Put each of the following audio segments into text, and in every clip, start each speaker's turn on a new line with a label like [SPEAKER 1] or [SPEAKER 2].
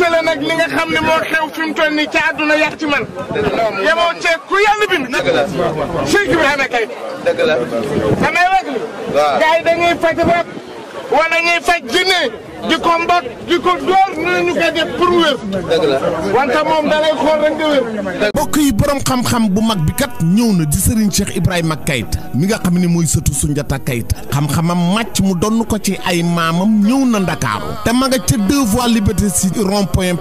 [SPEAKER 1] lëkkale nag li nga xam ne moo xew fi mu toll nii ca àdduna yàq ci man. yemoo ceeb ku yàlla bind. dëgg la Cheikh kay. dëgg la. damay wax ni. waaw gars wala ñuy faj jinne di ko mbot di ko door na ñu koy def pour wér. wante moom da lay xool wér. mbokk yi borom xam-xam bu mag bi kat ñëw na di Serigne Cheikh Ibrahima Keita mi nga xam ne mooy sëtu Sunjata Keita xam-xamam màcc mu donn ko ci ay maamam ñëw na Ndakaaru te ma nga ca deux voies liberté si rond point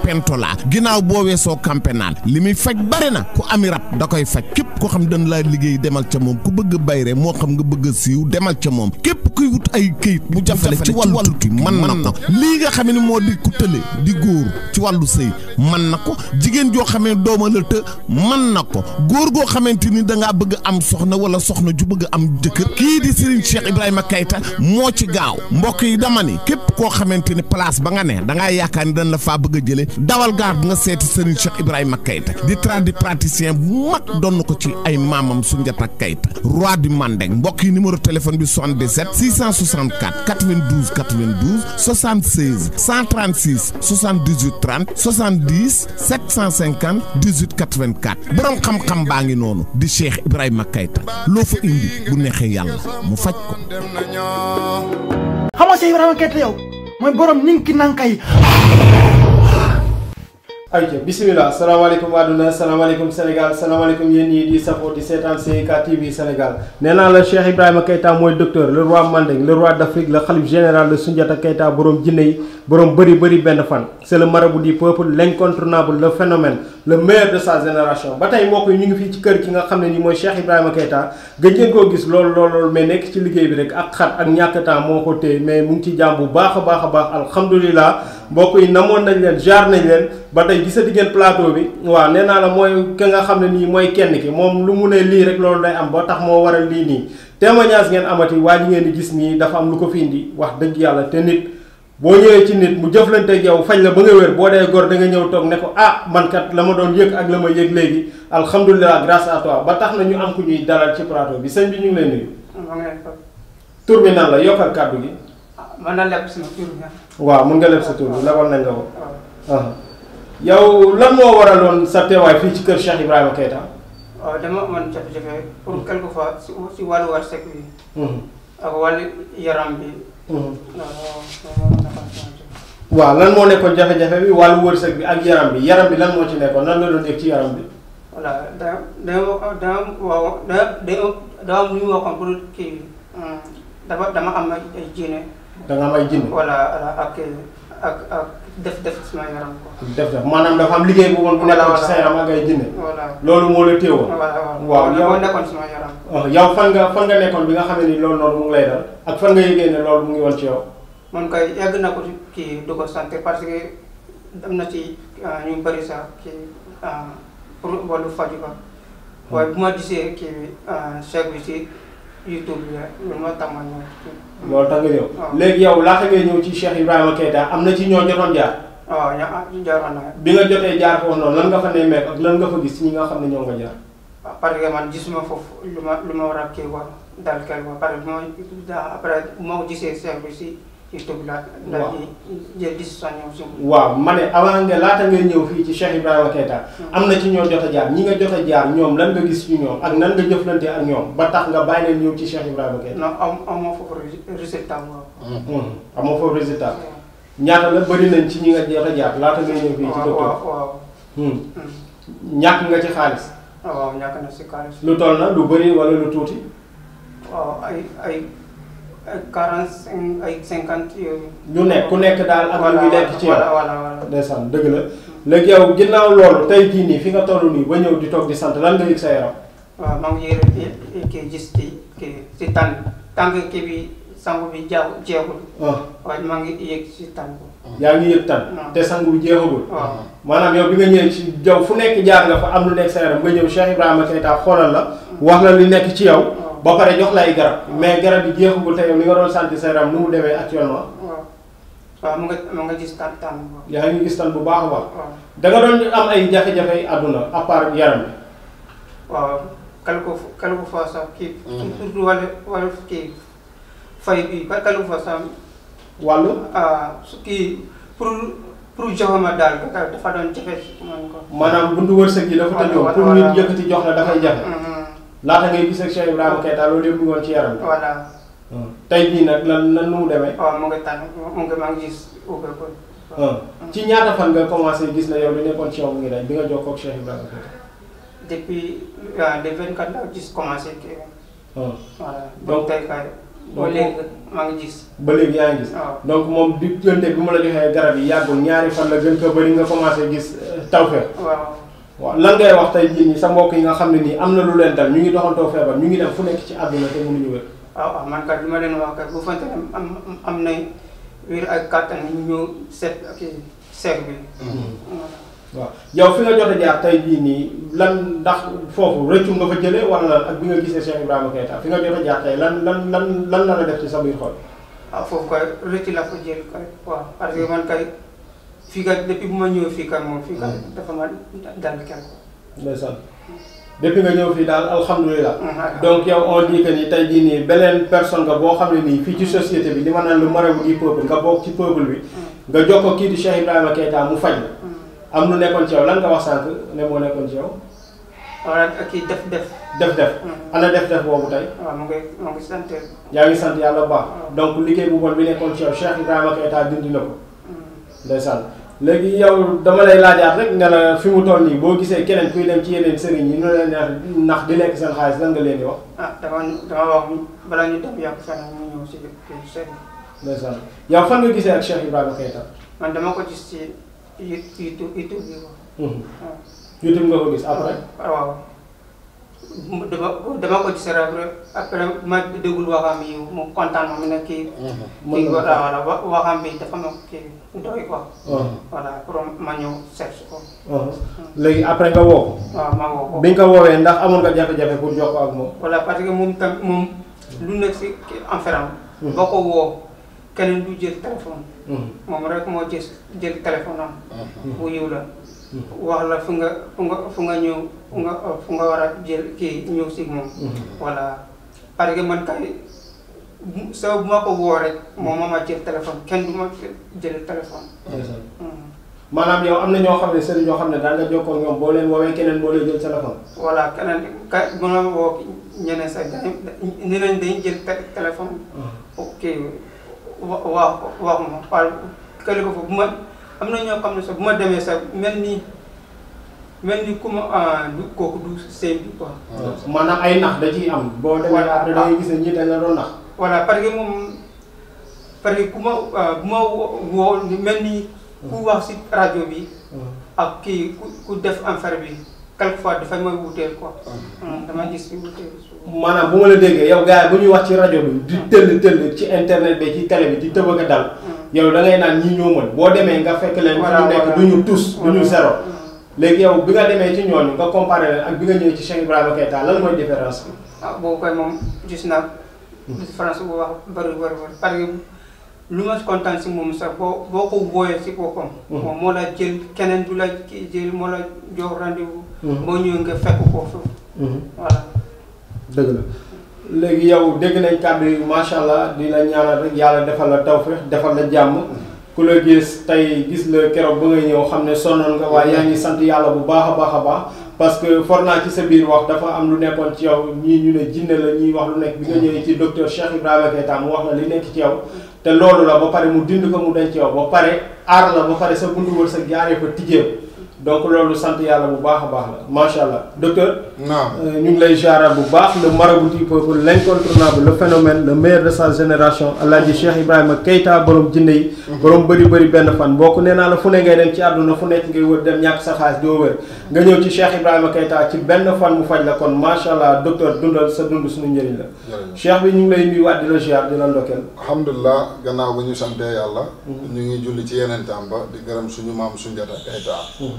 [SPEAKER 1] ginnaaw boo weesoo camp pénal li muy faj bari na ku ami da koy faj képp ko xam dañ laa liggéey demal ca moom ku bëgg bayre moo xam nga bëgg a siiw demal ca moom képp kuy wut ay këyit mu jafale ci wàllu tukki mën na ko lii nga xam ne moo di ku tële di góor ci wàllu sëy man na ko jigéen joo xamee dooma la të man na ko góor goo xamante ni da bëgg am soxna wala soxna ju bëgg am jëkkër kii di Serigne Cheikh Ibrahima Keita moo ci gaaw mbokk yi dama ni képp koo xamante ni place ba nga ne da ngaa yaakaar ni dañ la faa bëgg a jëlee dawal gaar bu nga seeti Serigne Cheikh Ibrahima Keita di tradipraticien bu mag doon ko ci ay maamam Soundiata Keita roi du Mandeng mbokk yi numéro téléphone bi 77 664 92 92 60 76 136 78 30 70 750 xam-xam baa ngi noonu di Cheikh Ibrahima Keita loo fa indi bu neexee yàlla mu faj ko.
[SPEAKER 2] xam nga Ibrahima Keita yow mooy borom ninki nanka yi.
[SPEAKER 3] ay ayca bisimilah salaamaaleykum àdduna salaamaaleykum Sénégal salaamaaleykum yéen ñii di safoo di seetaan CIK TV Sénégal nee naa la Cheikh Ibrahima Keita mooy docteur le roi Mandeng le roi d'Afrique la xalif général de Sunjata Keita borom jinne yi borom bëri bëri benn fan c'est le marabout du peuple l'incontournable le phénomène le meilleur de sa génération ba tey mbokk yi ñu ngi fii ci kër ki nga xam ne nii mooy Cheikh Ibrahima Keita gëj ngeen koo gis loolu loolu mais nekk ci liggéey bi rek ak xat ak ñàkk temps moo ko téye mais mu ngi ci jàmm bu baax a baax a baax alhamdulilah mbokk yi namoon nañ leen jaar nañ leen ba tey gisati ngeen plateau bi waaw nee naa la mooy ka nga xam ne nii mooy kenn ki moom lu mu ne lii rek loolu day am boo tax moo waral lii nii témoignage ngeen amati waa ji ngeen di gis nii dafa am lu ko fii indi wax dëgg yàlla te nit boo ñëwee ci nit mu jëflanteeg yow faj la ba nga wér boo dee góor da nga ñëw toog ne ko ah man kat la ma doon yëg ak la ma yëg léegi alhamdulilah grâce à toi ba tax na ñu am ku ñuy dalal ci plateau bi sëñ bi ñu ngi lay nuyu. tur bi la yokkal kàddu gi. mën na leb sama tur bi. waaw mun nga leb sa tur bi lebal nañ nga ko. Ah. yow lan moo waraloon sa teewaay fii ci kër Cheikh Ibrahima Keita.
[SPEAKER 4] waaw ah, dama amoon jafe-jafe pour quelque fois si si wàllu wërsëg bi. Hmm. ak wàllu
[SPEAKER 3] yaram bi. Hmm. Ah, waaw lan moo nekkoon jafe-jafe bi wàllu wërsëg bi ak yaram bi yaram bi lan moo ci nekkoon lan la doon yaram bi. voilà daa
[SPEAKER 4] daa daa waaw hmm. dama am ay da nga am ay jinne. voilà ak ak ak def-def
[SPEAKER 3] sama yaram quoi. def-def am liggéey bu woon bu nekkoon ci sa yaram ak ay jinne. loolu moo la téewoon. waaw yow moo nekkoon sama yaram. yow fan nga fan bi nga xam ne ni loolu noonu mu ak fan nga yëgee ne mu ngi woon ci yow.
[SPEAKER 4] man kay yàgg na ko kii du ko parce que am na ci ah, ñu bëri sax kii ah, pour wàllu faju ba hmm. waaye bu ma gisee kii bi ah, chèque bi si. YouTube bi loolu moo tax ma ñëw.
[SPEAKER 3] loolu tax nga ñëw. léegi yow laata ngay ñëw ci Cheikh Ibrahima Keita am na ci ñoo jotoon jaar.
[SPEAKER 4] waaw a ah jaroon na.
[SPEAKER 3] bi nga jotee jaar noo noonu lan nga fa nemmeek ak lan nga fa gis ñi nga xam ne ñoo nga jaar.
[SPEAKER 4] waaw ah, parce que man gisuma foofu lu ma lu ma war a kii quoi dal quelque part parce que moo après moo gisee service yi. surtout la la jël décision ñoom si. waaw ma
[SPEAKER 3] ne avant laata ngay ñëw fii ci Cheikh Ibrahima Keita. Hmm. am na ci ñoo jot a jaar ñi nga jot a jaar ñoom lan nga gis ci ñoom nan nga jëflante ak ñoom ba tax nga bàyyi leen ñëw ci Cheikh Ibrahima Keita. non am amoo foofu résultat moom. Hmm, hmm, amoo foofu résultat. ñaata la bëri nañ ci ñi nga a jaar laata ngay ñëw fii. ci docteur waaw waaw ñàkk nga ci xaalis. waaw
[SPEAKER 4] ñàkk na ci xaalis. lu toll na lu bëri
[SPEAKER 3] wala lu tuuti.
[SPEAKER 4] quarante cinq ay cinquante yooyu.
[SPEAKER 3] ñu nekk ku nekk daal ak lu nekk ci yow ndeysaan dëgg la léegi yow ginnaaw loolu tey jii nii fi nga toll nii ba ñëw di toog di sant lan nga yëg sa yaram. waaw maa ngi yëg gis ci kii ci kii bi sangu bi jaaw jeexul. Ah. maa
[SPEAKER 4] ngi yëg ci tànn.
[SPEAKER 3] yaa ngi yëg tànn. te sangu bi jeexagul. maanaam yow bi nga ñëwee ci jaw fu nekk jaar nga fa am lu nekk sa yaram nga ñëw Cheikh Ibrahima Keita xoolal la mm. wax na li nekk ci yow. ba pare jox lay garab mais garab bi jeexugul te ni nga doon sant sa yaram nu mu demee actuellement. wa mo nga mo nga gis tan tan. ya nga gis tan bu baax a da nga doon am ay jafe-jafe aduna à part yaram
[SPEAKER 4] wa kalko kalko
[SPEAKER 3] kaliku fa sax kii. Mm-hmm. surtout wal wal ki
[SPEAKER 4] fay bi ba kalko fa sa walu sax. Ah, su ki pour pour
[SPEAKER 3] joxama daal dafa doon jafé man jafe. maanaam buntu wërsëg yi dafa tëjoo pour nit yëkkati jox la da fay jafé mm-hmm. laata ngay gis ak Cheikh Ibrahima Keita loolu ci yaram. voilà. Hmm. tey jii nag lan lan nu mu demee. waaw mu ngi tànn mu ngi maa ngi gis hmm. ci ñaata fan nga commencé gis na yow li nekkoon ci yow mi ngi day bi nga jokkoo ak Cheikh Ibrahima Keita. depuis
[SPEAKER 4] waaw le 24 laa gis commencé kii. Hmm. voilà donc tey kaay. ba léegi
[SPEAKER 3] maa ngi gis. ba léegi yaa ngi gis. donc moom diggante bi mu la joxee garab yi yàggul ñaari fan la gën ko bëri nga commencé gis euh, taw waaw. waaw lan ngay wax tey bii nii sa mbokk yi nga xam ne nii am na lu leen dal ñu ngi doxantoo feebar ñu ngi dem fu nekk ci àdduna te mënuñu wér. waaw waaw man kat li ma leen wax kat
[SPEAKER 4] bu fante am am na wér ak kàttan ñu ñëw seet
[SPEAKER 3] bi. Mm-hmm. waaw yow fi nga jot a jaar tey jii nii lan ndax foofu rëccu nga fa jëlee wala ak bi nga gisee Cheikh Ibrahima Keita fi nga jot a jaar lan lan lan lan la la def ci sa biir xol. foofu
[SPEAKER 4] kay rëccu la ko jël kay waaw parce man kay. depuis que
[SPEAKER 3] je ñëw Depuis dafa dal depuis nga ñëw hmm, donc yow on dit que ni tey jii nii personne nga boo xam ci hmm. société bi li lu peuple nga ci peuple bi. Hmm. nga di Cheikh Ibrahima mu am lu ci yow lan nga wax ci yow. def-def. def-def. ana def-def ngi ngi donc liggéey bu bon bi nekkoon ci yow Cheikh Ibrahima léegi yow dama lay laajaat rek ne fi mu toll nii boo gisee keneen kuy dem ci yeneen sëriñ yi ñu ne leen di ndax di lekk seen xaalis lan nga leen di wax.
[SPEAKER 4] ah dama dama wax balaa
[SPEAKER 3] ñu dem yàq sax
[SPEAKER 4] ñu ñëw si kii sëriñ.
[SPEAKER 3] ndeysaan yow fan nga gisee ak Cheikh Ibrahima Keita.
[SPEAKER 4] man dama ko gis ci YouTube YouTube bi. Mhm. Ah.
[SPEAKER 3] YouTube nga ko gis après.
[SPEAKER 4] Ah, waaw. dama dama ko gisee après ma déglu waxam yi mu kontaan ma mu ne kii. mën na ko voilà waxam bi dafa ma kii doy quoi. Uh-huh. voilà
[SPEAKER 3] pour ma ñëw seet ko. Uh-huh. Mm. léegi après nga woo. waaw ma woo ko bi nga ko woowee ndax amoon nga jafe-jafe pour jox ko ak moom. voilà parce que moom tam moom lu nekk si enferme.
[SPEAKER 4] Mm. boo ko woo keneen du jël téléphone. Mm. moom rek moo jël jël téléphone am. la. wax la fu nga fu nga fu nga ñëw fu nga fu war a jël kii ñëw si moom. Mm-hmm. voilà parce que man kay sa bu ma ko woo rek moom moo ma jël téléphone kenn du ma jël téléphone. Mm-hmm.
[SPEAKER 3] maanaam yow am na ñoo xam ne sëriñ ñoo xam ne daan nga jokkoo ñoom boo leen woowee keneen moo lay jël téléphone.
[SPEAKER 4] voilà keneen ka mën a woo ñeneen sax ñeneen jël téléphone. Mm-hmm. ok wax wax ma par kële ko fa bu ma. am na ñoo xam ne sax
[SPEAKER 3] bu ma demee sax mel nii mel ni ku ma ah, du kooku du sëy bi quoi. maanaam ay nax da ciy am. boo demee après da gis ne ñii dañ la doon nax. voilà parce que moom
[SPEAKER 4] parce que ku ma ah, bu ma woo mel ni. ku mm. wax si rajo bi. Mm. ak kii ku ku def affaire bi quelquefois dafay may wuteel quoi. Mm. dama gis ñu wuteel. maanaam bu ma la déggee yow gars
[SPEAKER 3] yi bu ñuy wax ci rajo bi. di tëll dëll ci internet bi ci télé bi di tëb nga dal. yow dalay ngay naan ñi ñoo mën boo demee nga fekk leen fa ñu nekk du ñu tous du ñu zéro léegi yow bi nga demee ci ñoon nga comparé leen ak bi nga ñëwee ci Cheikh Ibrahima Keita lal mooy différence bi ah boobu moom gis naa hmm. différence bu wax bëri
[SPEAKER 4] bëri bëri lu ma kontaan si moom sax boo boo ko booyee si boppam hmm. moom moo la jël keneen du la jël moo la jox rendez moo hmm. boo ñëwee nga fekk ko foofu
[SPEAKER 3] voilà dëgg la léegi yow dégg nañ kàddu yi macha allah di la ñaanal rek yàlla defal la tawfeex defal la jàmm ku la gis tey gis la keroog ba nga ñëw xam ne sonnoon nga waaye yaa ngi sant yàlla bu baax a baax a baax parce que for naa ci sa biir wax dafa am lu nekkoon ci yow ñii ñu ne jinne la ñuy wax lu nekk bi nga ñëwee ci docteur Cheikh Ibrahima Keita mu wax na li nekk ci yow te loolu la ba pare mu dind ko mu denc yow ba pare aar la ba pare sa bundu wër sa jaaree fa tijjee donc loolu sant yàlla bu baax a baax la macha allah docteur. naam euh, ñu ngi lay jaaraat bu baax le marabout du peuple l'incontournable le phénomène le meilleur de sa génération alaaji Cheikh Ibrahima Keita borom jinne yi. Mhm. borom bëri bëri benn fan boo ko nee naa la fu ne ngay dem ci àdduna fu nekk ngay wër dem ñàkk sa xaalis doo wër nga ñëw ci Cheikh Ibrahima Keita ci benn fan mu faj la kon macha allah docteur dundal sa dund suñu njëriñ la. cheikh bi ñu ngi lay nuyuwaat di la ziar di la ndokkeel.
[SPEAKER 2] alhamdulilah gannaaw ba ñu santee yàlla. Mhm. ñu ngi julli ci yeneen tàmba di gërëm suñu maam Sunjata Keita mhm.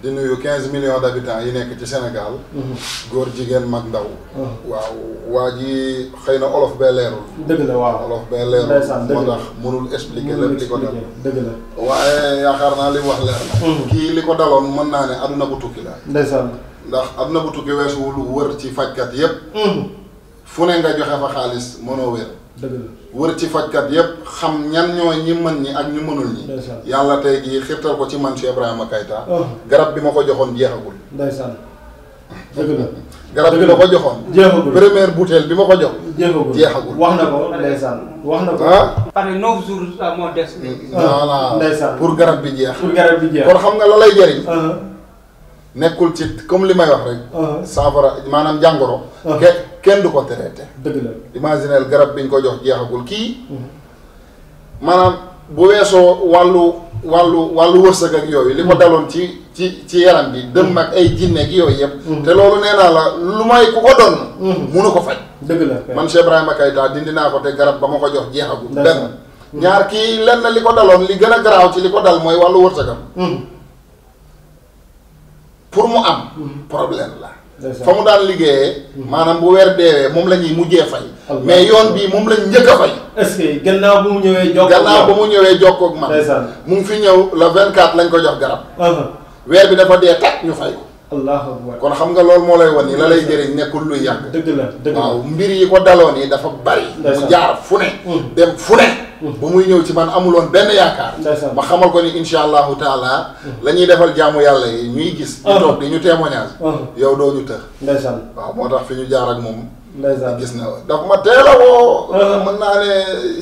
[SPEAKER 2] di nuyu quinze millions d' yi nekk ci Sénégal. Mhm. góor jigéen mag ndaw. Mhm. waaw waa ji xëy na olof bee leerul. dëgg la olof bee leerul. moo tax mënul expliquer lépp li ko dal. dëgg la waaye yaakaar naa li wax leer na. Mhm. kii li ko daloon mën naa ne na bu tukki la. ndeysaan. ndax aduna bu tukki weesuwul wër ci fajkat yépp fu ne nga joxe fa xaalis mënoo wér. wër ci kat yépp xam ñan ñoo ñi mën ñi ak ñu mënul ñi yàlla tey gi xirtal ko ci man ci Ibrahima kayta oh. garab bi ma ko joxoon jeexagul ndeysaan dëgg la garab bi ma ko joxoon jeexagul première bouteille bi ma ko jox jeexagul jeexagul wax na ko ndeysaan wax na ko ah.
[SPEAKER 4] par 9 jours euh, moo des mm. voilà ndeysaan pour garab bi jeex pour garab bi jeex kon xam nga la
[SPEAKER 2] lay jëriñ uh-huh. nekkul ci comme li may wax rek uh-huh. saafara maanaam jàngoro uh-huh. ke Ken du ko traité. deug la imaginer garab biñ ko jox jeexagul ki walu mhm. bu weesoo walu walu walu wërsëg ak yoy li ko mhm. dalon ci ci ci yaram bi. dem ak ay jinne ak yoy yëpp. Mhm. te lolu nee la lu may ku ko don munu ko fajj deug la man Cheikh Ibrahima kayta dindi ko te garab ba ko jox jeexagul. ben ñaar ki lenn li ko dalon li gëna graw ci li dal moy walu wërsëgam. pour mu am problème la. fa mu daan liggéeyee mhm. maanaam bu weer deewee moom la ñuy mujjee fay mais yoon bii moom lañ njëkk a fay est-ce que gannaaw ba mu ñëwee jokkoog gannaaw ba mu ñëwee jokkoog man mu ngi fi ñëw la vingt-quatre lañ ko jox garab uh-huh. weer bi dafa dee tàkk ñu fay allahu akbar kon xam nga lool moo lay wan ni la lay jëriñ nekkul luy yàgg. dëgg la dëgg la waaw mbir yi ko daloon yi dafa bari. mu jaar fu ne. Mm. dem fu ne. Mm. muy ñëw ci man amuloon benn yaakaar. ma xamal ko ni incha allahu taala. Mm. la ñuy defal jaamu yàlla yi ñuy gis. ñu uh-huh. toog di ñu témoignage. Uh-huh. yow doo ñu tëx. ndeysaan waaw moo tax fi ñu jaar ak moom. ndeysaan gis nga daf ma teel a uh-huh. mën naa ne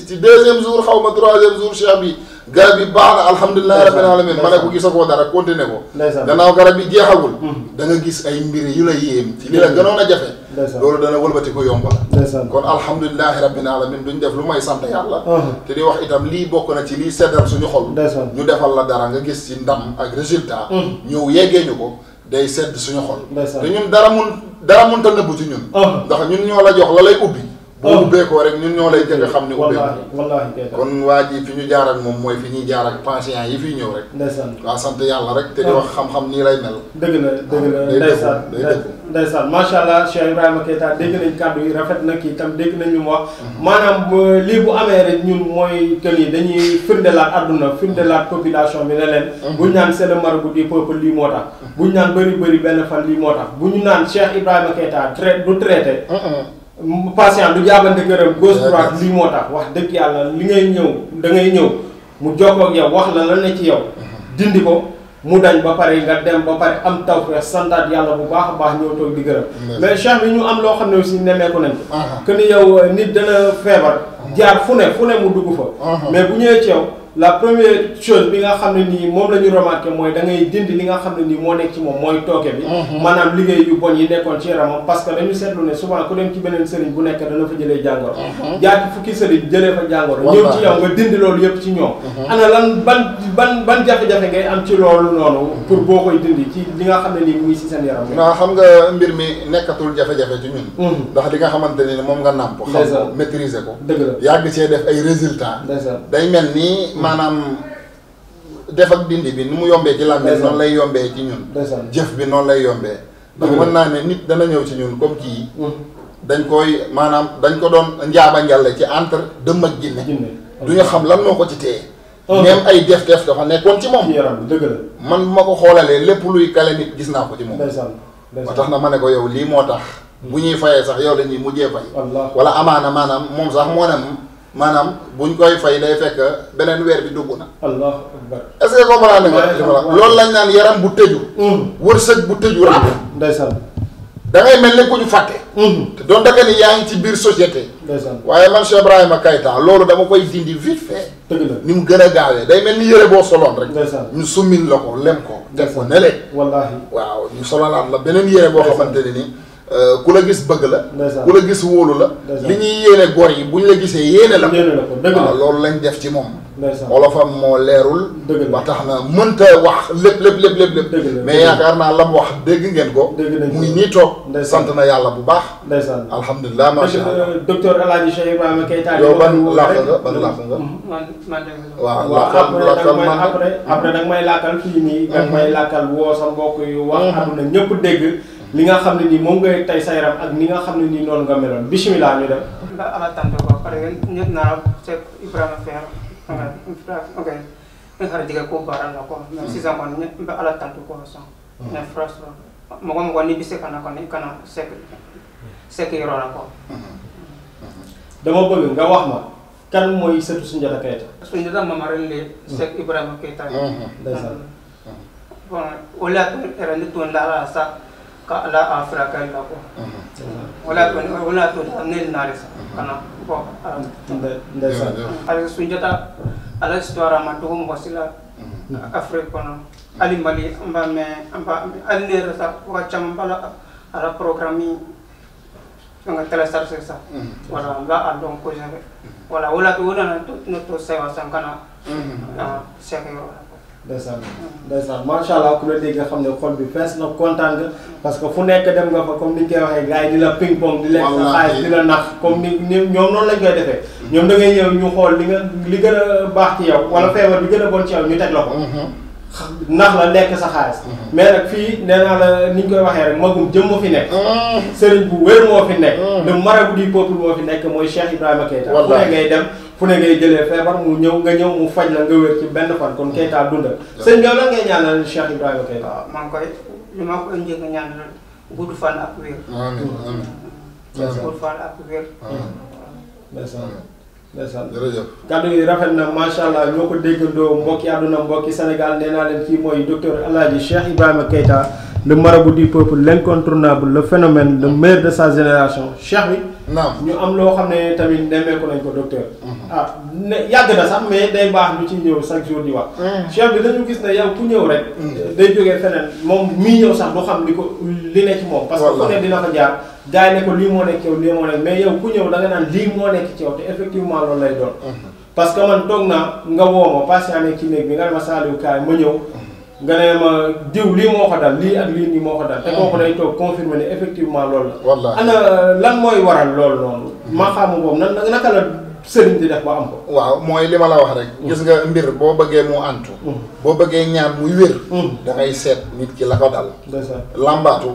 [SPEAKER 2] ci deuxième jour xaw ma troisième jour cheikh garab yi baax na alhamdulilah rabbil alamin ma ne ko gisagoo dara continuer ko gannaaw garab yi jeexagul mm-hmm. da gis ay mbir yu la yéem ci li la gënoon a jafe loolu dana wëlbati ko yomba kon alhamdulilahi rabbil alamin duñ def lu may sant yàlla uh-huh. te di wax itam lii bokk na ci lii seddal suñu xol ñu defal la dara nga gis ci ndam ak résultat mm-hmm. ñëw yeggee ñu ko day sedd suñu xol te ñun dara mun dara munta nëbbu ci ñun uh-huh. ndax ñun ñoo la jox la lay ubbi boo oh. ubbeekoo rek ñun ñoo lay jëkk xam ne ubbeeku wallaahi kon waa ji fi ñu jaar ak moom mooy fi ñuy jaar ak patients yi fiy ñëw rek ndeysaan waaw sant
[SPEAKER 3] yàlla rek te di ah. wax xam-xam nii lay mel dëgg la dëgg la ah, ndeysaan day dëgg ndeysaan macha allah Cheikh Ibrahima Keita dégg rafet na kii tam dégg nañ lu mu wax mhm. maanaam euh, lii bu amee rek ñun mooy que ni dañuy firndelaat àdduna firndelaat mhm. population bi ne leen mhm. buñ naan c'est le marabout du peuple lii moo tax buñ naan bëri bëri benn fan lii moo tax bu ñu naan Cheikh Ibrahima Keita traité du traité mu patient du jaabante këram gauche droite lii moo tax wax dëgg yàlla li ngay ñëw dangay ñëw mu jokkoo ak yow wax la la ne ci yow. Uh-huh. dindi ko mu dañ ba pare nga dem ba pare am tawfeex santaat yàlla bu baax a baax ñoo toog di gërëm. mais cheikh yi ñu am loo xam ne aussi nemmeeku nañ ko. Uh-huh. que ni yow nit dana feebar. Uh-huh. jaar fu ne fu ne mu dugg fa. mais bu ñëwee ci yow. la première chose bi nga xam ne nii moom la ñu remarqué mooy da ngay dindi li nga xam ne nii moo nekk ci moom mooy tooke bi. Mhm. maanaam liggéey yu bon yi nekkoon ci yaramam parce que dañu seetlu ne souvent ku dem mhm. yëpp ci ñoom. Mhm. ana lan ban ban jafe-jafe ngay am ci loolu noonu. pour boo koy ci li nga xam ne nii mu ngi si seen yaram. xam nga mbir mi nekkatul
[SPEAKER 2] jafe-jafe ndax li nga xamante ne moom nga nàmp. xam ko maîtriser ko. dëgg la ay résultats. day mel ni maanaam def ak dindi bi nu mu yombee ci làmmiñ noonu lay yombee ci ñun jëf bi noonu lay yombee ndax mën naa ne nit dana ñëw ci ñun comme kii mm. dañ koy maanaam dañ ko doon njaaba njàlle ci entre dëmm ak jinne du ñu xam lan moo ko ci téye même ay def-def dafa nekkoon ci moom dëgg la man ma ko xoolalee lépp luy kale nit gis naa ko ci moom ba tax na ma ne ko yow lii moo tax mm. bu ñuy fayee sax yow la ñuy mujjee fay wala amaana maanaam moom sax moo ne maanaam ñu koy fay day fekk beneen weer bi dugg na. allahu akbar est-ce que comprendre nga. loolu lañ naan yaram bu tëju. Mm. wërsëg bu tëju ràpp. Ah, ndeysaan. da ngay mel ni ku ñu fàtte. Mm. te doon da nga ni yaa ngi ci biir société. waaye man Cheikh Ibrahima Keita loolu dama koy dindi vite fait. dëgg la ni mu gën a gaawee day mel ni yëre boo soloon rek. ndeysaan ñu summin la ko lem ko. def ko ne leen. wallaahi waaw ñu am la beneen yére boo xamante ne nii. كولا جيس بغلا كولا جيس وولو لا ليني ييني غور يي بو نلاجي سي ييني لا لول لاني ديف تي موم اولافا مو ليرول با تخنا مونتا واخ لب لب لب لب لب مي ياكارنا لام واخ دغ نين كو موي ني توك سانتنا يالا
[SPEAKER 3] لا لا li nga xam ne nii moom ngay tey sa yaram ak ni nga xam ne nii noonu nga meloon bisimilah ñu dem.
[SPEAKER 4] nga amal tante ko pare ñëpp naa Cheikh Ibrahima Fer. Hmm. ok nga xara jiga ko baara la ko. sisan kɔni ne bɛ ala tante ko sɔn. ne fura sɔrɔ mɔgɔ mɔgɔ n'i bɛ se ka na kɔni i kana sek sek yɔrɔ la kɔ. Hmm.
[SPEAKER 3] dama bëgg nga wax ma. kan
[SPEAKER 4] mooy sëtu Sunjata Keita. Sunjata Mamari le hmm. Cheikh Ibrahima Keita. ndeysaan bon o la yɛrɛ ne tun la ala sa. kala afra kala ko wala ko wala to ne nare sa kana ko nda sa ala sunjata ala stora ma to mo sila afra kono ali mali amba me amba ali ne sa ko chambala ala programme nga tala sar sa sa wala nga aldon ko jabe wala wala to wala no to sewa sankana
[SPEAKER 3] sa ke wala ndeysaan ndeysaan macha allah ku la dégg nga xam ne xol bi fees na kontaan nga parce que fu nekk dem nga fa comme ni ñu koy waxee gars yi di la ping pong di lekk sa xaalis di la nax comme ni ñoom noonu lañ koy defee ñoom da ngay ñëw ñu xool li nga li gën a baax ci yow wala feebar bi gën a bon ci yow ñu teg la ko nax la lekk sa xaalis mais nag fii nee naa la ni ñu koy waxee rek magum jëm moo fi nekk sëriñ bu wér moo fi nekk le marabout du peuple moo fi nekk mooy Cheikh Ibrahima Keita fu ne ngay dem fu ne ngay jëlee feebar mu ñëw nga ñëw mu faj la nga wér ci benn fan kon Keita dundal. sëñ bi ngay ñaanal Cheikh Ibrahima Keita. Ah, maa
[SPEAKER 4] ngi a ñaanal
[SPEAKER 3] gudd fan ak yi rafet na macha allah ñoo ko déggandoo mbokki àdduna mbokki Sénégal nee naa leen kii mooy docteur El Hadji Cheikh Ibrahima Keita le marabout du peuple l' incontournable le phénomène le maire de sa génération Cheikh bi. naam ñu am loo xam ne tamit nemmeeku nañ ko docteur. Mhm. ah ne yàgg na sax mais day baax ñu ci ñëw chaque jour di wax. Mhm. chef bi dañu gis ne yow ku ñëw rek. Mhm. Euh, day jógee feneen moom mi ñëw sax du xam li ko li nekk ci moom. parce que ku ne dina ko jaar. gars ne ko lii moo nekk ci yow moo nekk mais yow ku ñëw da nga naan lii moo nekk ci yow te effectivement loolu lay doon. parce que man toog naa nga woo ma patient ne ci néeg bi nga ne ma Saliou kaay ma ñëw. nga ne ma diw lii moo ko dal lii ak lii nii moo ko dal. te ah. kooku day toog confirmer ne effectivement lool la. ana lan mooy waral lool noonu. Mm. ma xamu boobu nan naka la. sëriñ di def ba am
[SPEAKER 2] ko. waaw mooy li ma la wax rek. Mm. gis nga mbir boo bëggee mu antu. Mm. boo bëggee ñaan muy wér. Mm. da ngay seet nit ki la ko dal. lambaatu.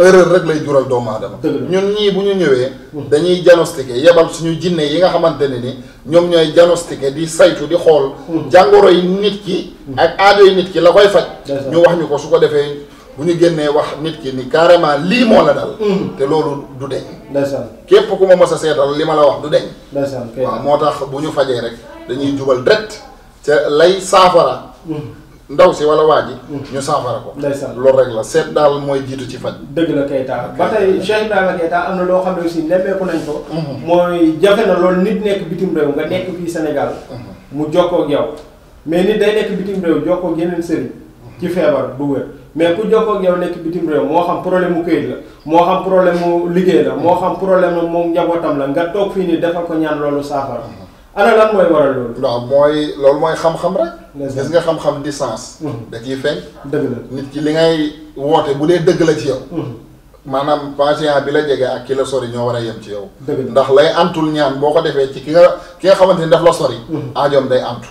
[SPEAKER 2] erreur rek lay jural doomu aadama. ñun ñii bu ñu ñëwee. dañuy diagnostiqué yebal suñu jinne yi nga xamante ne ni ñoom ñooy diagnostiqué di saytu di xool. jàngoro yi nit ki. ak aado yi nit ki la koy faj. ñu wax ñu ko su ko defee. bu ñu génnee wax nit ki ni carrément lii moo la dal. Mm-hmm. te loolu du deñ. ndeysaan képp ku ma mos a seetal li ma la wax du deñ. ndeysaan kay waaw moo tax bu ñu fajee rek dañuy jubal direct ca lay saafara. Mm-hmm. ndaw si wala waa ji. Mm-hmm. ñu saafara ko. ndeysaan loolu rek la seet daal mooy jiitu ci faj. dëgg la Keita ba tey
[SPEAKER 3] Cheikh Ibrahima Keita am na loo xam ne aussi nemmeeku nañ ko. mooy jafe na loolu nit nekk bitim réew nga nekk fii Sénégal. mu jokkoo ak yow mais nit day nekk bitim réew ci feebar bu mais pour jokkoo ak yow nekk bitim réew moo xam problème mu këyit la moo xam problème mu liggéey la moo xam problème mu moom njabootam la nga toog fii nii defal ko ñaan loolu saafara. ana lan mooy waral loolu. non mooy loolu mooy xam-xam rek. gis nga xam-xam di distance. Mhm. da ciy
[SPEAKER 2] feeñ. dëgg la nit ki li ngay woote bu dee dëgg la ci yow. Mhm. maanaam patient bi la jege ak ki la sori ñoo war a yem ci yow. ndax lay antul ñaan boo ko defee ci ki nga ki nga xamante ni daf la sori. Mm-hmm. aajoom day antu.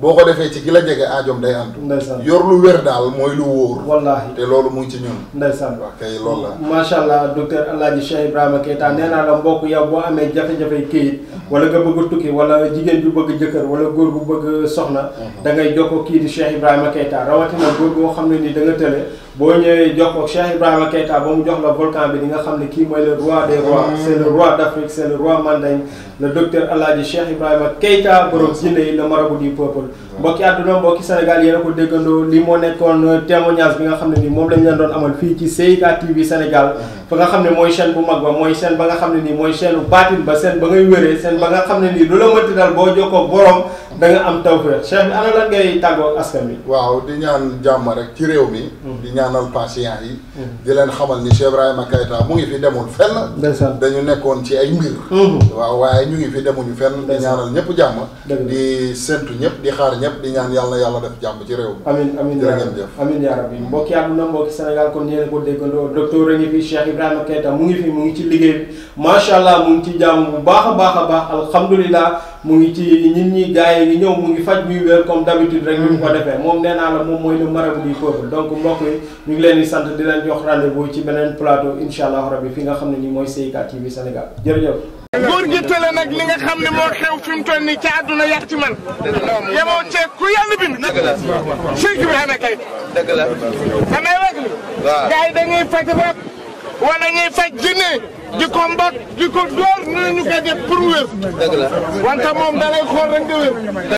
[SPEAKER 2] boo ko defee ci ki la jege aajoom day antu. yor lu wér
[SPEAKER 3] daal mooy lu wóor. wallaahi te loolu mu ngi ci ñun. ndeysaan waaw kay loolu la. macha allah docteur El Hadj Cheikh Ibrahima Keita nee naa la mbokk yow boo amee jafe-jafe këyit wala nga bëgg a wala jigéen bu bëgg jëkkër wala góor bu bëgg soxna. Mm-hmm. da ngay jokkoo kii di Cheikh Ibrahima Keita rawatina góor boo xam ne nii da nga boo ñëwee jox ko Cheikh Ibrahima Keita ba mu jox la volcan bi di nga xam ne kii mooy le roi des rois mm. c' est le roi d' Afrique c' est le roi Manding le docteur Alhaji Cheikh Ibrahima yi le marabout du peuple mm. mbokki mbokki Sénégal yéen a ko déggandoo li moo nekkoon témoignage bi nga xam ne ni moom lañ leen doon amal fii ci CIK TV Sénégal mm. fa nga xam ne mooy chaîne bu mag ba mooy chaîne ba nga xam ne nii mooy chaîne bu baatin ba seen ba ngay wéree seen ba nga xam ne nii lu la mënti dal boo jokkoo borom da am tawfeex cheikh bi ana lan ngay tàggoo ak askan bi waaw di ñaan jàmm
[SPEAKER 2] rek ci réew mi. Mm-hmm. di ñaanal patients yi. Mm-hmm. di leen xamal ni Cheikh Ibrahima Keita mu ngi fi demul fenn. dañu nekkoon ci ay mm-hmm. waaw waaye ñu ngi fi demuñu fenn. di ñaanal ñëpp jàmm. di séntu ñëpp di xaar ñëpp di ñaan yàlla yàlla def jàmm ci réew mi. amiin amiin yaa rabbi
[SPEAKER 3] amiin yaa rabbi mbokki àdduna mbokki Sénégal kon yéen a ko déggandoo docteur a ngi mu ngi fi mu ngi ci liggéey bi macha allah mu ngi ci jàmm bu baax a baax a baax alhamdulilah mu ngi ci ñin ñi gars yi ngi ñëw mu ngi faj muy wér comme d'habitude rek ñu ko mm-hmm. defee moom nee naa la ngi leen di sant di leen jox rendez-vous ci beneen plateau incha allah rabbi fi nga xam ne nii mooy CIK TV Sénégal jërëjëf góor gi tële nag li nga xam ne moo
[SPEAKER 1] nii ci man. yemoo ceeb ku yàlla bind. ñuy faj
[SPEAKER 3] jinne di ko mbot di ko dóor nu ñu koy def pour wér.
[SPEAKER 4] wante moom da lay xool rek nga
[SPEAKER 3] wér.